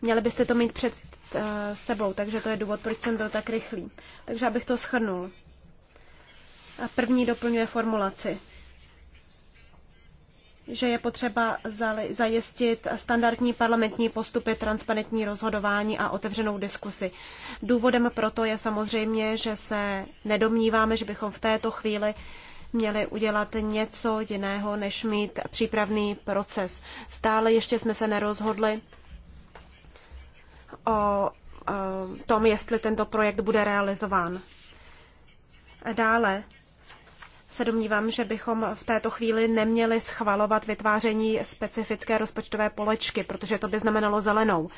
Měli byste to mít před eh, sebou, takže to je důvod, proč jsem byl tak rychlý. Takže abych to schrnul. A první doplňuje formulaci že je potřeba zajistit standardní parlamentní postupy, transparentní rozhodování a otevřenou diskusi. Důvodem proto je samozřejmě, že se nedomníváme, že bychom v této chvíli měli udělat něco jiného, než mít přípravný proces. Stále ještě jsme se nerozhodli o tom, jestli tento projekt bude realizován. Dále se domnívám, že bychom v této chvíli neměli schvalovat vytváření specifické rozpočtové polečky, protože to by znamenalo zelenou.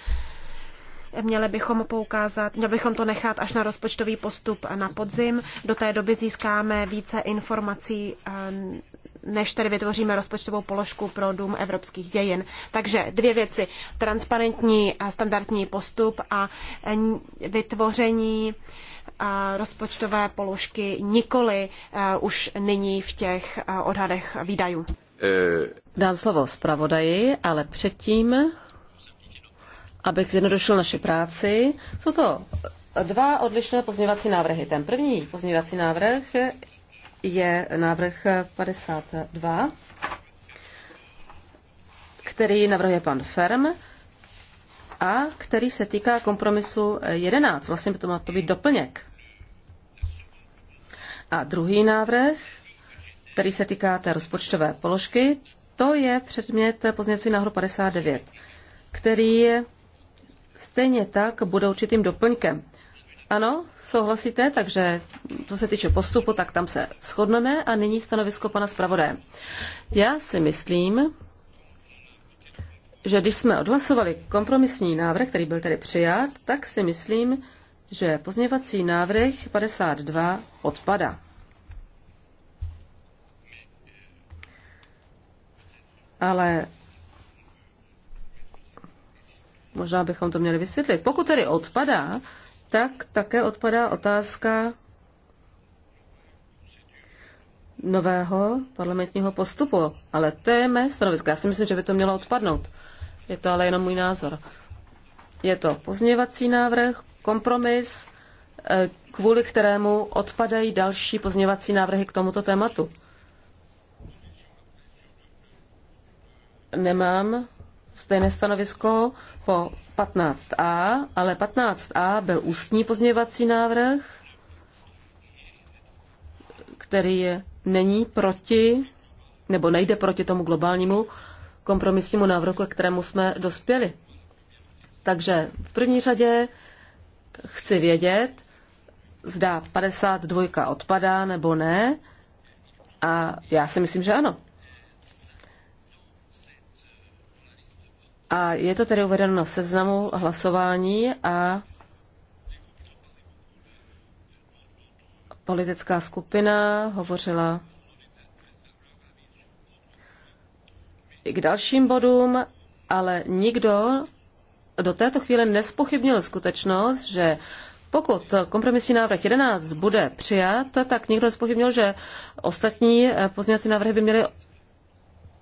Měli bychom poukázat, měli bychom to nechat až na rozpočtový postup na podzim. Do té doby získáme více informací, eh, než tedy vytvoříme rozpočtovou položku pro Dům evropských dějin. Takže dvě věci. Transparentní a standardní postup a vytvoření eh, rozpočtové položky nikoli eh, už nyní v těch odhadech výdajů. Dám slovo zpravodaji, ale předtím abych zjednodušil naši práci. Jsou to dva odlišné pozměňovací návrhy. Ten první pozměňovací návrh je návrh 52, který navrhuje pan Ferm a který se týká kompromisu 11. Vlastně by to má to být doplněk. A druhý návrh, který se týká té rozpočtové položky, to je předmět pozměňovací návrhu 59, který je stejně tak bude určitým doplňkem. Ano, souhlasíte, takže co se týče postupu, tak tam se shodneme a nyní stanovisko pana zpravodaje. Já si myslím, že když jsme odhlasovali kompromisní návrh, který byl tedy přijat, tak si myslím, že pozměvací návrh 52 odpada. Ale Možná bychom to měli vysvětlit. Pokud tedy odpadá, tak také odpadá otázka nového parlamentního postupu. Ale to je mé stanovisko. Já si myslím, že by to mělo odpadnout. Je to ale jenom můj názor. Je to pozměvací návrh, kompromis, eh, kvůli kterému odpadají další pozměvací návrhy k tomuto tématu. Nemám stejné stanovisko po 15a, ale 15a byl ústní pozměňovací návrh, který není proti, nebo nejde proti tomu globálnímu kompromisnímu návrhu, ke kterému jsme dospěli. Takže v první řadě chci vědět, zda 52 odpadá nebo ne. A já si myslím, že ano. A je to tedy uvedeno na seznamu hlasování a politická skupina hovořila i k dalším bodům, ale nikdo do této chvíle nespochybnil skutečnost, že pokud kompromisní návrh 11 bude přijat, tak nikdo nespochybnil, že ostatní pozměňovací návrhy by měly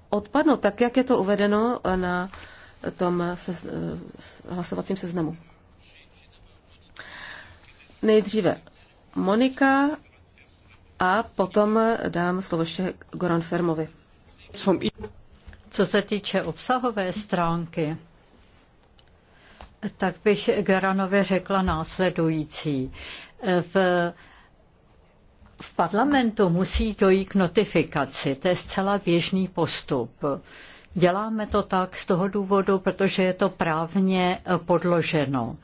odpadnout, tak jak je to uvedeno na tom se, eh, hlasovacím seznamu. Nejdříve Monika a potom dám slovo ještě Goran Fermovi. Co se týče obsahové stránky, tak bych Geranovi řekla následující. V v parlamentu musí dojít k notifikaci, to je zcela běžný postup. Děláme to tak z toho důvodu, protože je to právně podloženo.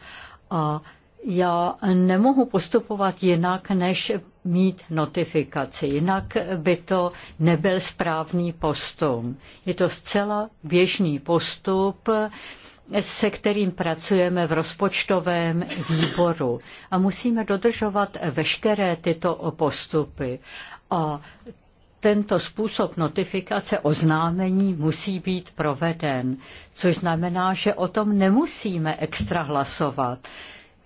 A já nemohu postupovat jinak, než mít notifikaci. Jinak by to nebyl správný postup. Je to zcela běžný postup, se kterým pracujeme v rozpočtovém výboru. A musíme dodržovat veškeré tyto postupy. A tento způsob notifikace oznámení musí být proveden, což znamená, že o tom nemusíme extra hlasovat.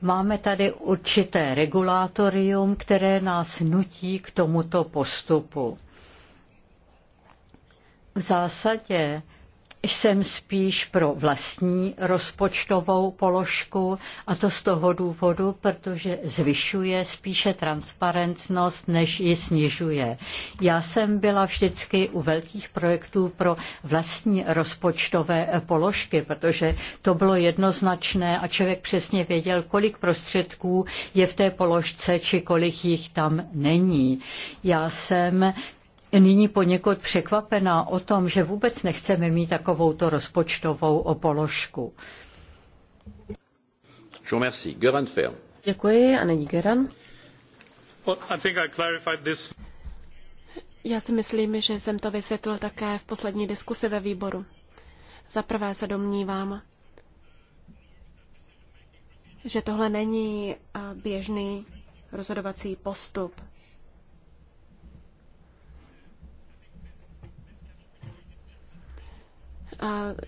Máme tady určité regulatorium, které nás nutí k tomuto postupu. V zásadě jsem spíš pro vlastní rozpočtovou položku a to z toho důvodu, protože zvyšuje spíše transparentnost, než ji snižuje. Já jsem byla vždycky u velkých projektů pro vlastní rozpočtové položky, protože to bylo jednoznačné a člověk přesně věděl, kolik prostředků je v té položce či kolik jich tam není. Já jsem nyní poněkud překvapená o tom, že vůbec nechceme mít takovouto rozpočtovou položku. Děkuji a není Geran. Já si myslím, že jsem to vysvětlil také v poslední diskusi ve výboru. Za prvé se domnívám, že tohle není eh, běžný rozhodovací postup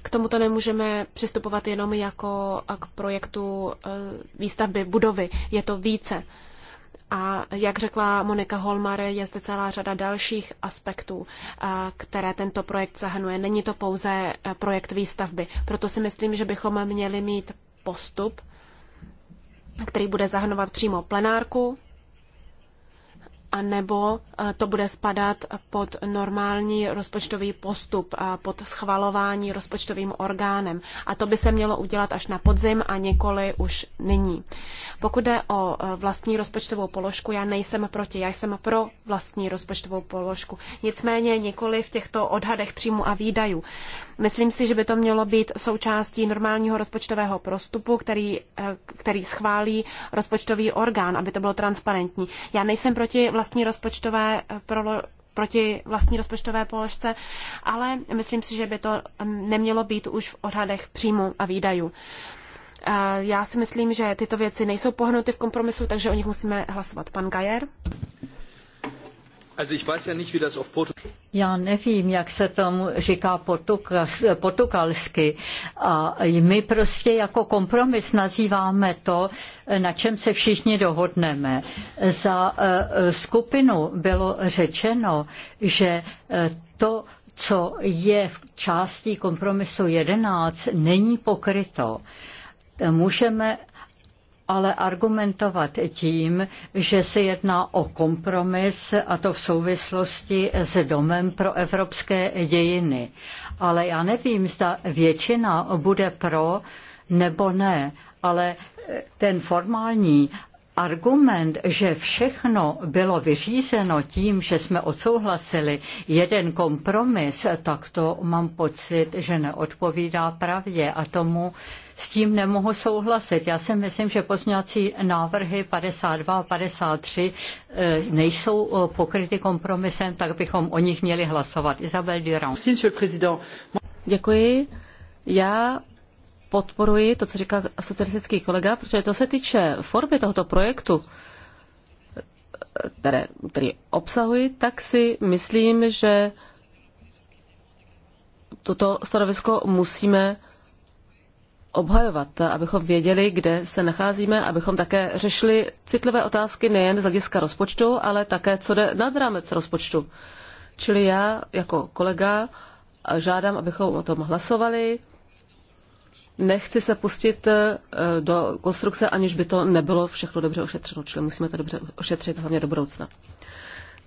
K tomuto nemůžeme přistupovat jenom jako k projektu e, výstavby budovy. Je to více. A jak řekla Monika Holmar, je zde celá řada dalších aspektů, e, které tento projekt zahrnuje. Není to pouze e, projekt výstavby. Proto si myslím, že bychom měli mít postup, který bude zahrnovat přímo plenárku, a nebo eh, to bude spadat pod normální rozpočtový postup, pod schvalování rozpočtovým orgánem. A to by se mělo udělat až na podzim a nikoli už nyní. Pokud jde o eh, vlastní rozpočtovou položku, já nejsem proti, já jsem pro vlastní rozpočtovou položku. Nicméně nikoli v těchto odhadech příjmu a výdajů. Myslím si, že by to mělo být součástí normálního rozpočtového prostupu, který, eh, který schválí rozpočtový orgán, aby to bylo transparentní. Já nejsem proti vlastní rozpočtové eh, prolo, proti vlastní rozpočtové položce, ale myslím si, že by to mm, nemělo být už v odhadech příjmu a výdajů. Eh, já si myslím, že tyto věci nejsou pohnuty v kompromisu, takže o nich musíme hlasovat. Pan Gajer. Já nevím, jak se tomu říká portugalsky. A my prostě jako kompromis nazýváme to, na čem se všichni dohodneme. Za eh, skupinu bylo řečeno, že eh, to, co je v části kompromisu 11, není pokryto můžeme ale argumentovat tím, že se jedná o kompromis a to v souvislosti s domem pro evropské dějiny. Ale já nevím, zda většina bude pro nebo ne, ale ten formální argument, že všechno bylo vyřízeno tím, že jsme odsouhlasili jeden kompromis, tak to mám pocit, že neodpovídá pravdě a tomu s tím nemohu souhlasit. Já si myslím, že pozměňovací návrhy 52 a 53 eh, nejsou eh, pokryty kompromisem, tak bychom o nich měli hlasovat. Isabel Durand. Děkuji. Já podporuji to, co říká socialistický kolega, protože to se týče formy tohoto projektu, které, který obsahuji, tak si myslím, že toto stanovisko musíme obhajovat, abychom věděli, kde se nacházíme, abychom také řešili citlivé otázky nejen z hlediska rozpočtu, ale také co jde nad rámec rozpočtu. Čili já jako kolega žádám, abychom o tom hlasovali, nechci se pustit eh, do konstrukce, aniž by to nebylo všechno dobře ošetřeno, čili musíme to dobře ošetřit hlavně do budoucna.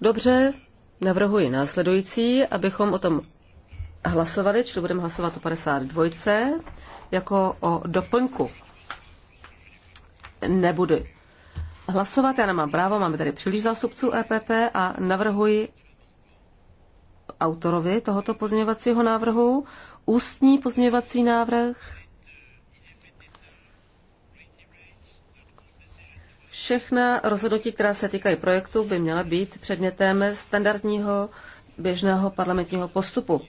Dobře, navrhuji následující, abychom o tom hlasovali, čili budeme hlasovat o 52, jako o doplňku. Nebudu hlasovat, já nemám právo, máme tady příliš zástupců EPP a navrhuji autorovi tohoto pozměňovacího návrhu ústní pozměňovací návrh Všechna rozhodnutí, která se týkají projektu, by měla být předmětem standardního běžného parlamentního postupu,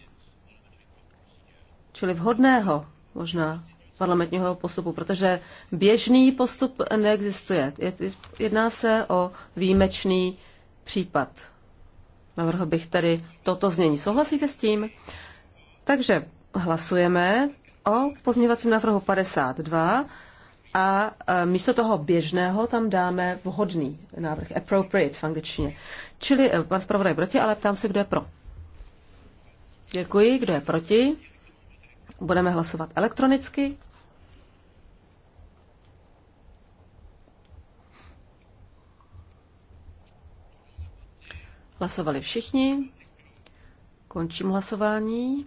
čili vhodného možná parlamentního postupu, protože běžný postup neexistuje. Jedná se o výjimečný případ. Navrhl bych tedy toto znění. Souhlasíte s tím? Takže hlasujeme o pozměňovacím návrhu 52 a e, místo toho běžného tam dáme vhodný návrh, appropriate v angličtině. Čili e, pan zpravodaj proti, ale ptám se, kdo je pro. Děkuji, kdo je proti. Budeme hlasovat elektronicky. Hlasovali všichni. Končím hlasování.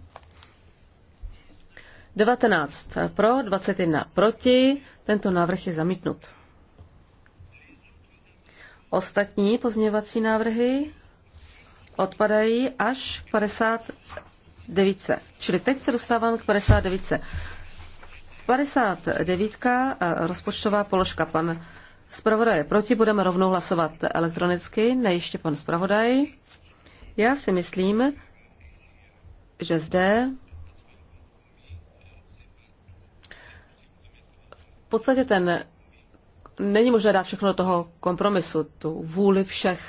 19 pro, 21 proti. Tento návrh je zamítnut. Ostatní pozměňovací návrhy odpadají až k 59. Čili teď se dostávám k 59. 59. Eh, rozpočtová položka. Pan zpravodaj je proti, budeme rovnou hlasovat elektronicky, ne ještě pan zpravodaj. Já si myslím, že zde podstatě ten není možné dát všechno do toho kompromisu, tu vůli všech,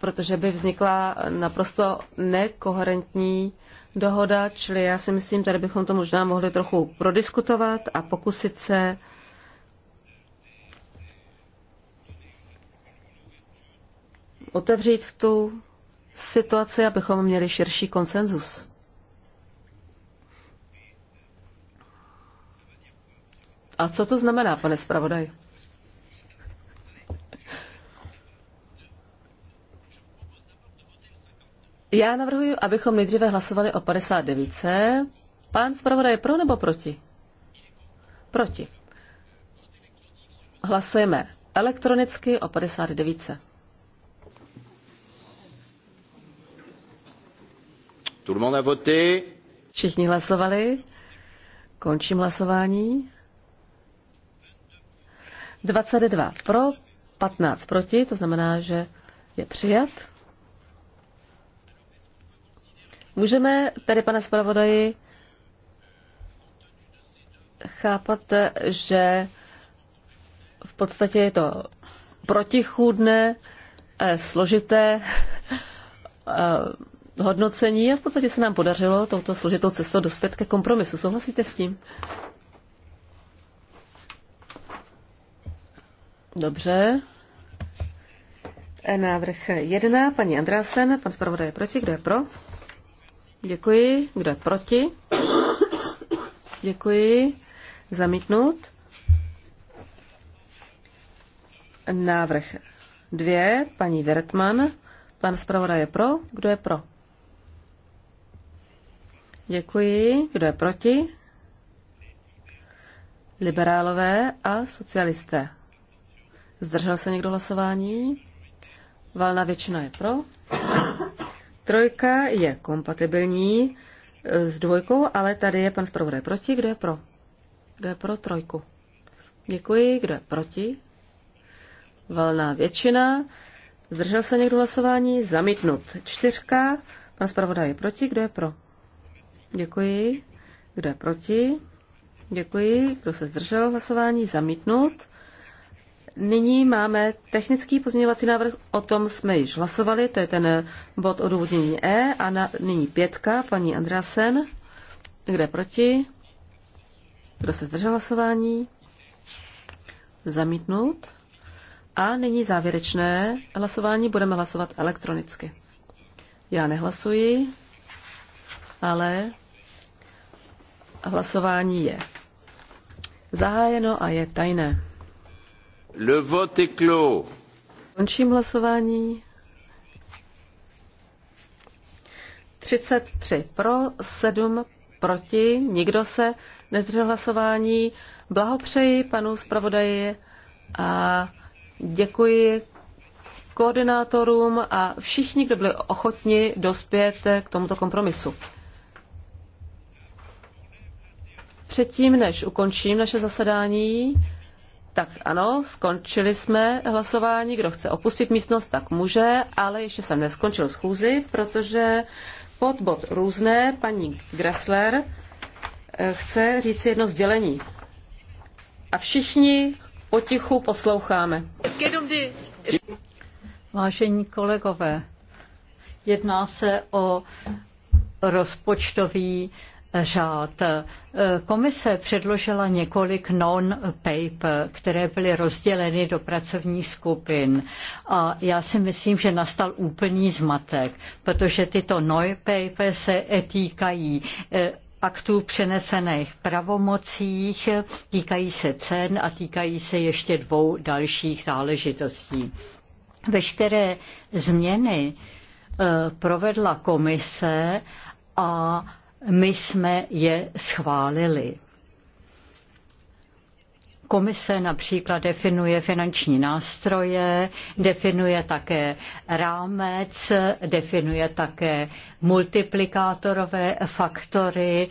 protože by vznikla naprosto nekoherentní dohoda, čili já si myslím, tady bychom to možná mohli trochu prodiskutovat a pokusit se otevřít tu situaci, abychom měli širší konsenzus. A co to znamená, pane zpravodaj? Já navrhuji, abychom nejdříve hlasovali o 59. Pán zpravodaj je pro nebo proti? Proti. Hlasujeme elektronicky o 59. Tout le monde a voté. Všichni hlasovali. Končím hlasování. 22 pro, 15 proti, to znamená, že je přijat. Můžeme tedy, pane zpravodaji, chápat, že v podstatě je to protichůdné, eh, složité eh, hodnocení a v podstatě se nám podařilo touto složitou cestou dospět ke kompromisu. Souhlasíte s tím? Dobře. E, návrh jedna, paní Andrásen, pan zpravodaj je proti, kdo je pro? Děkuji, kdo je proti? Děkuji, zamítnut. Návrh dvě, paní Vertman, pan zpravodaj je pro, kdo je pro? Děkuji, kdo je proti? Liberálové a socialisté. Zdržel se někdo hlasování? Valná většina je pro. Trojka je kompatibilní e, s dvojkou, ale tady je pan zpravodaj proti. Kdo je pro? Kdo je pro trojku? Děkuji. Kdo je proti? Valná většina. Zdržel se někdo hlasování? Zamítnut. Čtyřka. Pan zpravodaj je proti. Kdo je pro? Děkuji. Kdo je proti? Děkuji. Kdo se zdržel hlasování? Zamítnut. Nyní máme technický pozměňovací návrh, o tom jsme již hlasovali, to je ten bod odůvodnění E a na, nyní pětka, paní Andrasen. Kde proti? Kdo se zdržel hlasování? Zamítnout. A nyní závěrečné hlasování budeme hlasovat elektronicky. Já nehlasuji, ale hlasování je zahájeno a je tajné. Le vote est clos. Končím hlasování. 33 pro, 7 proti, nikdo se nezdržel hlasování. Blahopřeji panu zpravodaji a děkuji koordinátorům a všichni, kdo byli ochotni dospět k tomuto kompromisu. Předtím, než ukončím naše zasedání, tak ano, skončili jsme hlasování. Kdo chce opustit místnost, tak může, ale ještě jsem neskončil schůzi, protože pod bod různé paní Gressler eh, chce říct jedno sdělení. A všichni potichu posloucháme. Vážení kolegové, jedná se o rozpočtový řád. Komise předložila několik non-paper, které byly rozděleny do pracovních skupin. A já si myslím, že nastal úplný zmatek, protože tyto non-paper se týkají eh, aktů přenesených pravomocích, týkají se cen a týkají se ještě dvou dalších záležitostí. Veškeré změny eh, provedla komise a my jsme je schválili. Komise například definuje finanční nástroje, definuje také rámec, definuje také multiplikátorové faktory,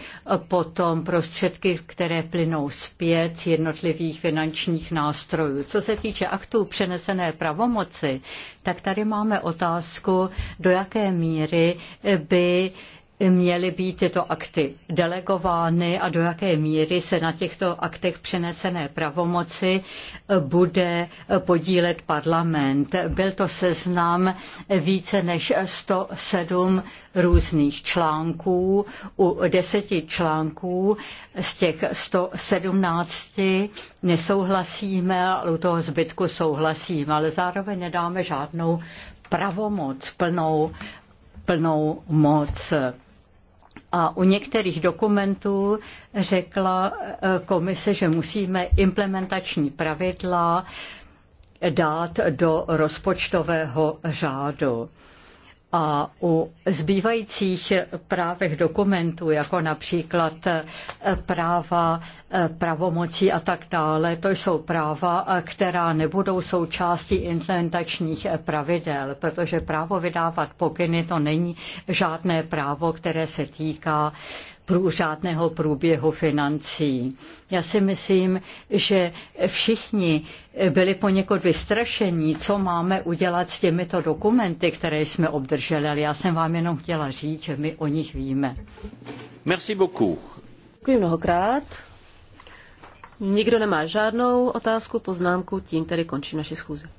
potom prostředky, které plynou zpět z jednotlivých finančních nástrojů. Co se týče aktů přenesené pravomoci, tak tady máme otázku, do jaké míry by měly být tyto akty delegovány a do jaké míry se na těchto aktech přenesené pravomoci bude podílet parlament. Byl to seznam více než 107 různých článků. U deseti článků z těch 117 nesouhlasíme, ale u toho zbytku souhlasíme, ale zároveň nedáme žádnou pravomoc plnou plnou moc a u některých dokumentů řekla eh, komise, že musíme implementační pravidla dát do rozpočtového řádu. A u zbývajících právech dokumentů, jako například eh, práva eh, pravomocí a tak dále, to jsou práva, eh, která nebudou součástí implementačních pravidel, protože právo vydávat pokyny to není žádné právo, které se týká prů, žádného průběhu financí. Já si myslím, že všichni byli poněkud vystrašení, co máme udělat s těmito dokumenty, které jsme obdrželi, ale já jsem vám jenom chtěla říct, že my o nich víme. Merci beaucoup. Děkuji mnohokrát. Nikdo nemá žádnou otázku, poznámku, tím tedy končí naši schůze.